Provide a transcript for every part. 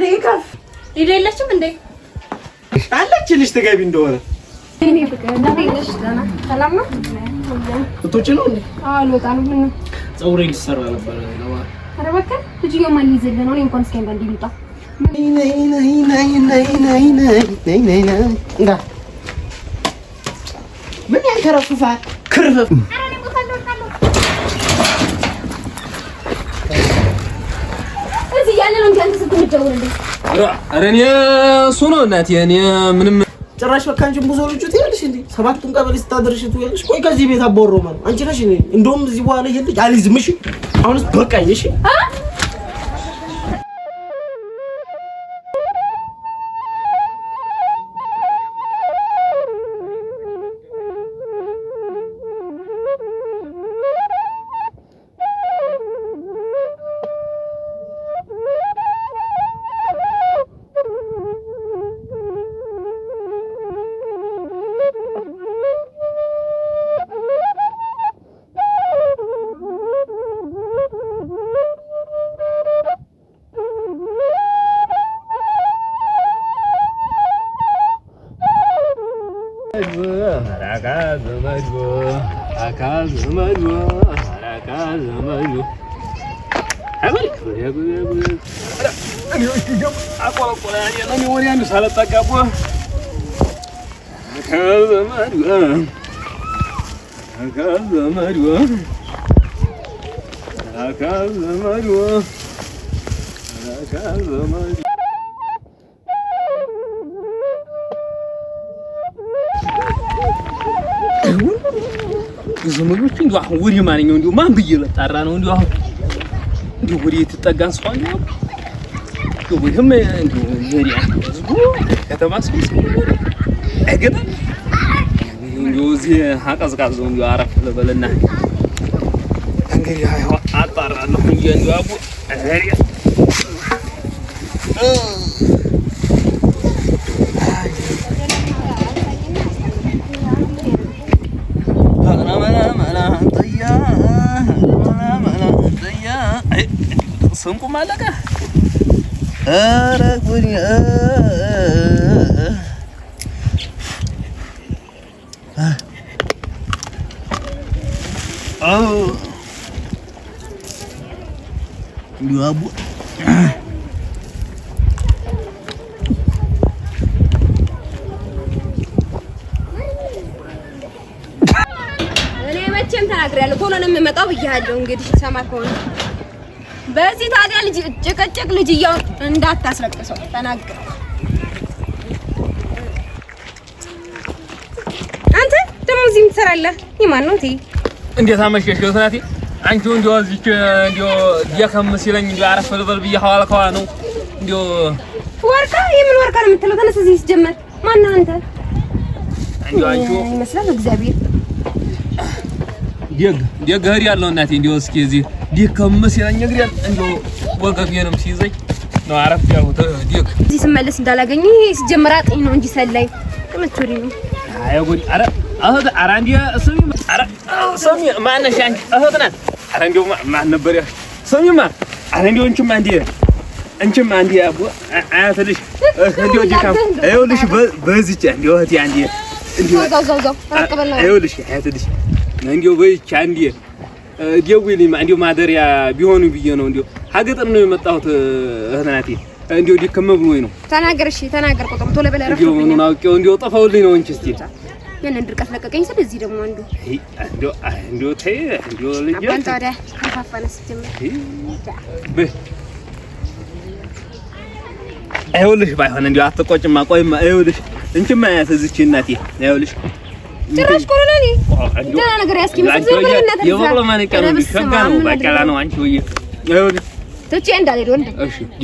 እንዴ? ከፍ ሊዳ የለችም እንዴ? አለችልሽ ትገቢ እንደሆነ እቶች ነው እንዴ? አልወጣም። ፀጉሬ ሊሰራ ነበር። ኧረ በቃ ልጅየው ማን ይዘለ ነው? እንኳን እስኪ አንዳንዴ ልውጣ። ምን ያንከረፍፋል ክርፍፍ እሱ ነው እናቴ። እኔ ምንም ጭራሽ በቃ አንቺን ብዙ ልጁ ትያለሽ እንዴ? ሰባቱን ቀበሌ ስታደርሽ ትያለሽ። ቆይ ከዚህ ቤት አባወራው ማለት አንቺ ነሽ። እንደውም እዚህ በኋላ ይሄን ልጅ አልይዝም። እሺ አሁንስ በቃ እሺ a casa mais boa, a casa mais boa, a casa mais boa. Agora, agora, agora. Agora, agora, não me olhando, sala tá A casa mais boa, a casa mais boa, a casa mais boa, a casa mais boa. ዘመዶቹ እንዲሁ አሁን ወዲህ ማንኛው እንዲሁ ማን ብዬ በጣራ ነው እንዲሁ አሁን እንዲሁ ወዲህ ትጠጋን ሰው አለ እንዲሁ ወዲህም እንዲሁ ዘሪያ ህዝቡ ከተማ ሰው አይገጣ እንዲሁ እዚህ አቀዝቃዘው እንዲሁ አረፍ ልበልና እንግዲህ አይዋ አጣራ ነው እንዲሁ አቡ ዘሪያ ስንቁ ማለቀ። ኧረ ጉድ! እኔ መቼም ተናግሬያለሁ። ቶሎ ነው የምመጣው ብያለሁ። እንግዲህ ሰማ ከሆነ በዚህ ታዲያ ልጅ ጭቅጭቅ ልጅ እያው እንዳታስለቅሰው ተናገር። አንተ ደግሞ እዚህ የምትሰራለህ ይማን ነው? ትይ እንዴት አመሸሽ? ነው ተናቲ አንቺ እንዲያው እዚህ እንዲያው ደከም ሲለኝ እንዲያው አረፍ ልበል ብዬሽ ሐዋል ከዋ ነው እንዲያው ወርካ የምን ወርካ ነው የምትለው? ተነስ እዚህ ሲጀመር ማነህ አንተ? አንቺ ይመስላል እግዚአብሔር ደግ ደግ እህድ ያለው እናቴ እንዲያው እስኪ እዚህ ዲከምስ ይለኝ እግሬን ወገቤንም ሲይዘኝ ነው አረፍ ያልኩት። ዲክ እዚህ ስመለስ እንዳላገኝ ሲጀመር አጥኝ ነው እንጂ ሰላይ ቅምቹሪ ነው። አይ ጉድ! አረ አሁን አረ እንዲያ ስሚ፣ አረ ስሚ፣ ማነሽ አንቺ እህት ናት። አረ እንዲያው ማን ነበር ያልሽ? ስሚማ፣ አረ እንዲያው እንቺማ እንዲህ እንቺማ እንዲህ አቦ አያትልሽ እንዲያው ዲካም ይኸውልሽ፣ በዚች እንዲያው እህቴ አንዲህ እንዲያው ዛው ዛው ዛው አቀበላ ይኸውልሽ፣ አያትልሽ እንዲያው በዚች አንዲህ ደውይልኝ እንዲሁ ማደሪያ ቢሆኑ ብዬ ነው። እንዲሁ ሀገጥን ነው የመጣሁት እህት እንዲሁ ድክም ብሎኝ ነው። ተናገር፣ እሺ ተናገር። ቁጥሩ ቶሎ ብለህ ረፍ። እንዲሁ ምኑን አውቄው እንዲሁ ጠፋሁልኝ ነው እንጂ እስኪ ያንን ድርቀት ለቀቀኝ። ስለዚህ ደግሞ አንዱ እንዲሁ እንዲሁ ተይ እንዲሁ ልጅ አንተ ታዲያ ተፋፋነ ስትጀምር ይኸውልሽ፣ ባይሆን እንዲሁ አትቆጭማ። ቆይማ ይኸውልሽ እንችማ ያት እናቴ ይኸውልሽ ጭራሽ ኮሎኔል ደህና ነገር ያስኪመስል ዝም ብለህ ነው፣ አንቺ ትቼ እንዳልሄድ ወንድም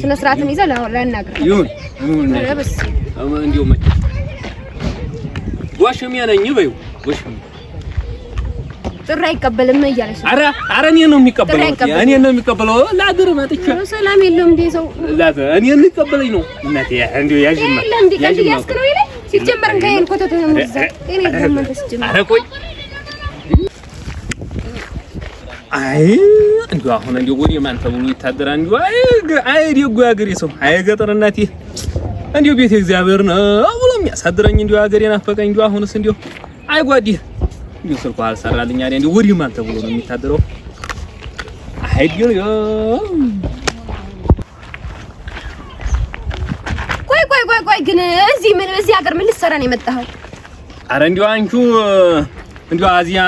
ስነ ስርዓትም ይዘህ ላናግር ይሁን እንዲሁ ነኝ በይው ጥሪ አይቀበልም እያለች ነው። ኧረ እኔን ነው የሚቀበለው፣ ላድር መጥቼ ሰላም የለውም እንደ ሰው እኔን ሊቀበለኝ ነው እናቴ። እንደው ያዥማ ያዥማ ሲጀመር እንካይን ኮተት ነው ምዛ አይ እንደው አሁን እንደው ወዲህ ማን ተብሎ ይታደራል? እንደው አይ አይ ደጎ ያገሬ ሰው አይ ገጠር እናቴ እንደው ቤት እግዚአብሔር ነው ብሎ የሚያሳድረኝ እንደው አገሬ ናፈቀኝ። እንደው አሁንስ እንደው አይ ጓዴ እንደው ስልኩ አልሰራልኝ አይደል? እንደው ወዲህ ማን ተብሎ ነው የሚታደረው? አይ ዲዮ ግን እዚህ ምን በዚህ ሀገር ምን ልትሰራ ነው የመጣኸው? አረ እንዲሁ አንቺ እንዲሁ አዚያ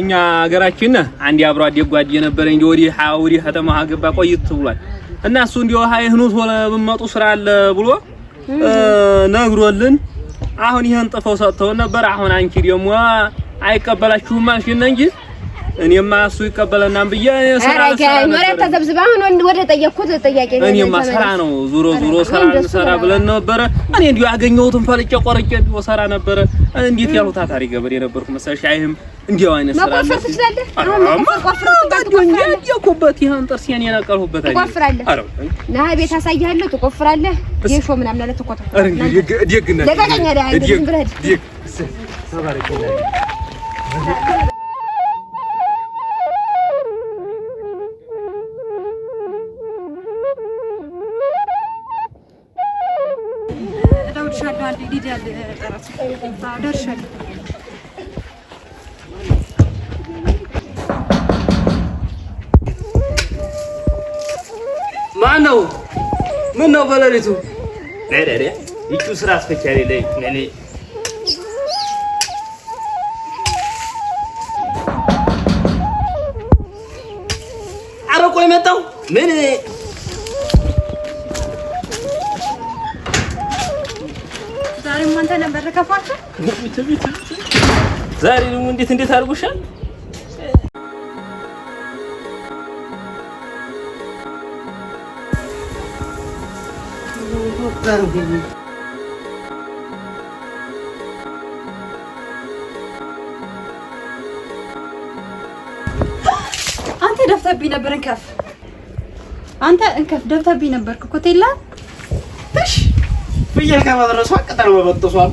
እኛ ሀገራችን አንድ አብሮ አደግ ጓዴ ነበረ እንዲሁ ወዲህ ወዲህ ከተማ ገባ ቆይት ብሏል። እና እሱ እንዲሁ ሀይ ህኑ ቶሎ ብትመጡ ስራ አለ ብሎ ነግሮልን አሁን ይሄን ጥፈው ሰጥተውን ነበር። አሁን አንቺ ደግሞ አይቀበላችሁም ማሽን እንጂ እኔማ እሱ ይቀበለናም ብዬ ተዘብዝባ አሁን ወደ ጠየቅኩት ጥያቄ እኔማ ሰራ ነው። ዙሮ ዙሮ ሰራ እንሰራ ብለን ነበረ። እኔ እንዲሁ ያገኘሁትን ፈልጬ ቆርጬ እንዲሁ ሰራ ነበረ። እንዴት ያሉ ታታሪ ገበሬ ነበርኩ መሰለሽ። አይህም እንዲሁ አይነት ስራ ያየኩበት ይህን ጥርሴን የነቀልሁበት ትቆፍራለህ፣ ነህ ቤት አሳይሃለሁ። ትቆፍራለህ ሾ ምናምን አለ ትቆጥቆ ሂዳል ጠረሱ ደርሻል። ማን ነው? ምን ነው በለሪቱ ይቹ ስራ አስፈቻሪ ላይ ለኔ አረቆ የመጣው ምን ብር ዛሬ ደግሞ እንዴት እንዴት አድርጎሻል። አንተ ደፍተብኝ ነበር። እንከፍ አንተ እንከፍ ደፍተብኝ ነበርክ እኮ ቴላ ፍየል ከመድረሷ ቅጠል መበጥሷል።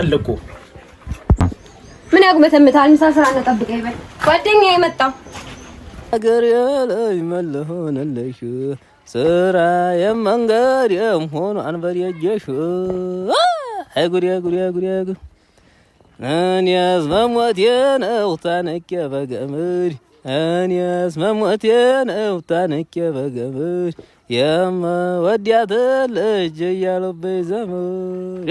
ጥልቁ ምን ያጉመተምታል? ምሳ ስራ ነው ይበል። ጓደኛዬ መጣ አገር ላይ መለሆነለሽ ስራ የመንገድ የምሆኑ አንበር የጀሽ አይ ጉድ ጉድ ጉድ ጉድ እኔስ መሞቴ ነው ታነቄ በገመድ እኔስ መሞቴ ነው ታነቄ በገመድ የምወዳትን ልጅ እያለበይ ዘመድ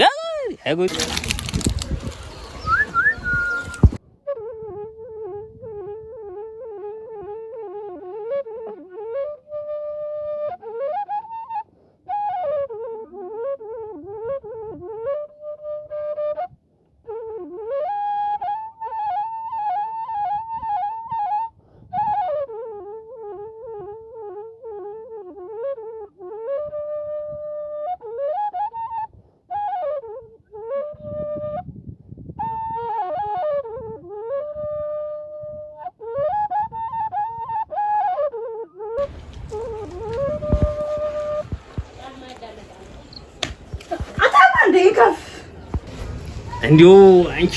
እንዲሁ አንቺ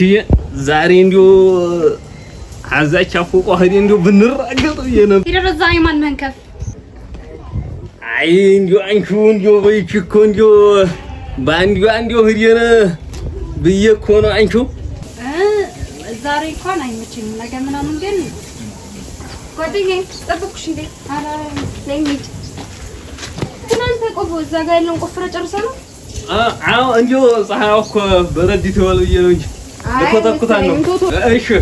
ዛሬ እንዲሁ አዛች አፎቆ ሄዴ እንዲሁ ብንራገጥ የነበር ይደረዛኝ ማን መንከፍ አይ እንዲሁ አንቺ እንዲሁ በይቺ እኮ እንዲሁ በአንዲዋ እንዲሁ ሄዴን ብዬ እኮ ነው አንቺ ዛሬ እንኳን አይመችም፣ ነገ ምናምን ግን ጓደኛዬ ጠብኩሽ እንዴ? ኧረ ነይ እንሂድ። ትናንት ቆፎ እዛ ጋር ያለውን ቆፍረ ጨርሰ ነው አዎ እንዲሁ ፀሐይዋ እኮ በረድ ትበል ብዬ ነው እንጂ ለኮተኩታን ነው። እሺ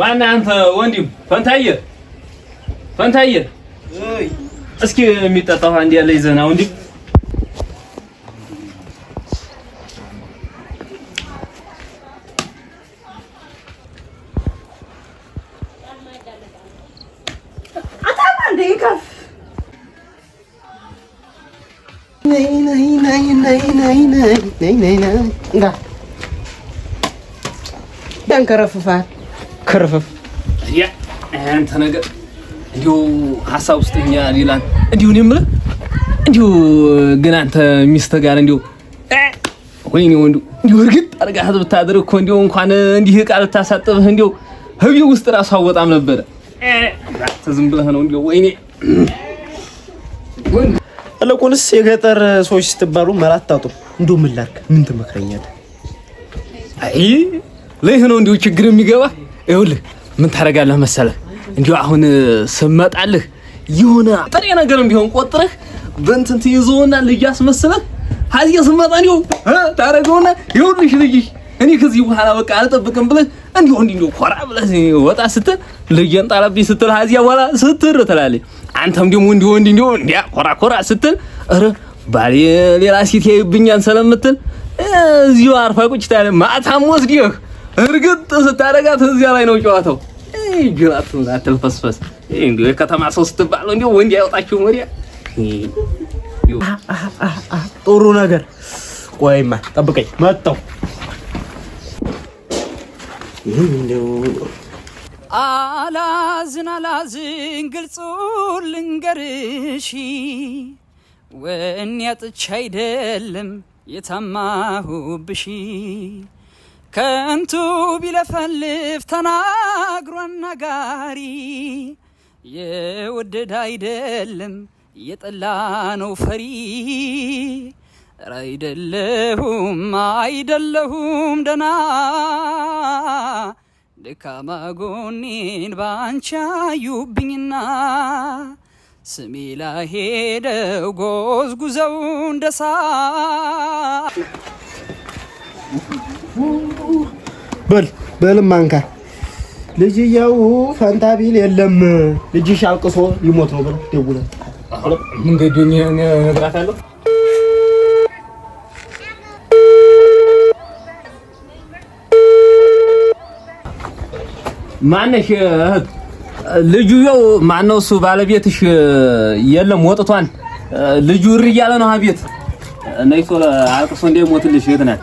ማነህ አንተ ወንድም ፈንታየ ፈንታየ እስኪ የሚጠጣው አንድ ያለ ይዘህ ና እንዴ። ክርፍፍ ያ አንተ ነገር እንዲሁ ሀሳብ ውስጥ እኛ ሌላ እንዲሁ እኔ የምልህ እንዲሁ ግን አንተ ሚስትህ ጋር እንዲሁ ወይኔ ወንዱ እንዲሁ እርግጥ አድርጋት ብታድር እኮ እንዲሁ እንኳን እንዲህ ዕቃ ልታሳጥብህ እንዲሁ ህቢው ውስጥ እራሱ አወጣም ነበረ። ዝም ብለህ ነው እንዲሁ ወይኔ። ይልቁንስ የገጠር ሰዎች ስትባሉ መላ አታጡም። እንዲሁ ምን ላድርግ? ምን ትመክረኛለህ? አይ ለይህ ነው እንዲሁ ችግር የሚገባ ይኸውልህ ምን ታደርጋለህ መሰለህ እንዲሁ አሁን ስመጣልህ የሆነ ጥሬ ነገርም ቢሆን ቆጥረህ በእንትን ትይዘውና ልጅ አስመስለህ ሀዚያ ስመጣ እንዲሁ ታደርገውና ይኸውልሽ ልጅ እኔ ከዚህ በኋላ በቃ አልጠብቅም ብለህ እንዲሁ እንዲሁ ኮራ ብለህ ወጣ ስትል ልጅን ጣለብኝ ስትል ሀዚያ በኋላ ስትር ትላለች። አንተም ደግሞ እንዲሁ እንዲሁ እንዲያ ኮራ ኮራ ስትል ኧረ ባሌ ሌላ ሴት ያይብኛል ስለምትል እዚሁ አርፋ ቁጭ ታለ ማታም ወስደህ እርግጥ ስታደርጋት እዚያ ላይ ነው ጨዋታው። ጅራት አትልፈስፈስ። እንዲሁ የከተማ ሰው ስትባለው እንዲሁ ወንድ ያወጣችሁ ወዲያ ጥሩ ነገር። ቆይማ ጠብቀኝ፣ መጣሁ። አላዝን አላዝን ግልጹ ልንገርሽ፣ ወኔ አጥቼ አይደለም የታማሁብሽ ከንቱ ቢለፈልፍ ተናግሮ አናጋሪ የወደደ አይደለም የጠላ ነው ፈሪ። አይደለሁም አይደለሁም ደና ደካማ ጎኔን ባንቺ አዩብኝና ስሜ ላይ ሄደው ጎዝጉዘው እንደሳ በል ማንካ አንካ ልጅየው ፈንታ ቢል የለም ልጅሽ አልቅሶ ሊሞት ነው ብለህ ደውለህ እንግዲህ እነግራታለሁ። ማነሽ እህት ልጅየው ማነው? እሱ ባለቤትሽ የለም ወጥቷን ልጁ እር እያለ ነው። አቤት ነይቶ አልቅሶ እንደሞትልሽ የት ናት?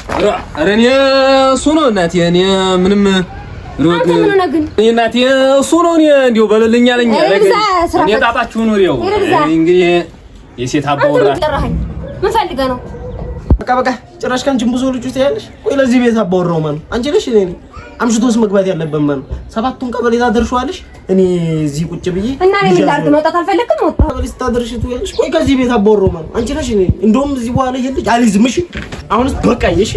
ኧረ እኔ እሱ ነው እናቴ። እኔ ምንም እናቴ እሱ ነው። እኔ እንዲያው በልልኝ አለኝ። እኔ ጣጣችሁ ነው ነው እንግዲህ የሴት አባወራ ምን ፈልገህ ነው? በቃ በቃ ጭራሽ ከአንቺም ብዙ ልጅ ትያለሽ። ቆይ ለዚህ ቤት አባወራው ማለት አንቺ ነሽ እኔ አምሽቶስ መግባት ያለበት ማን? ሰባቱን ቀበሌ ታደርሺዋለሽ። እኔ እዚህ ቁጭ ብዬ እና እኔ ምን ላድርግ? መውጣት አልፈለግም። ወጣ ቀበሌ ስታደርሺ ትውያለሽ። ቆይ ከዚህ ቤት አባወራው ማን? አንቺ ነሽ። እኔ እንደውም እዚህ በኋላ ይሄን ልጅ አልይዝም። እሺ አሁንስ በቃ ይሽ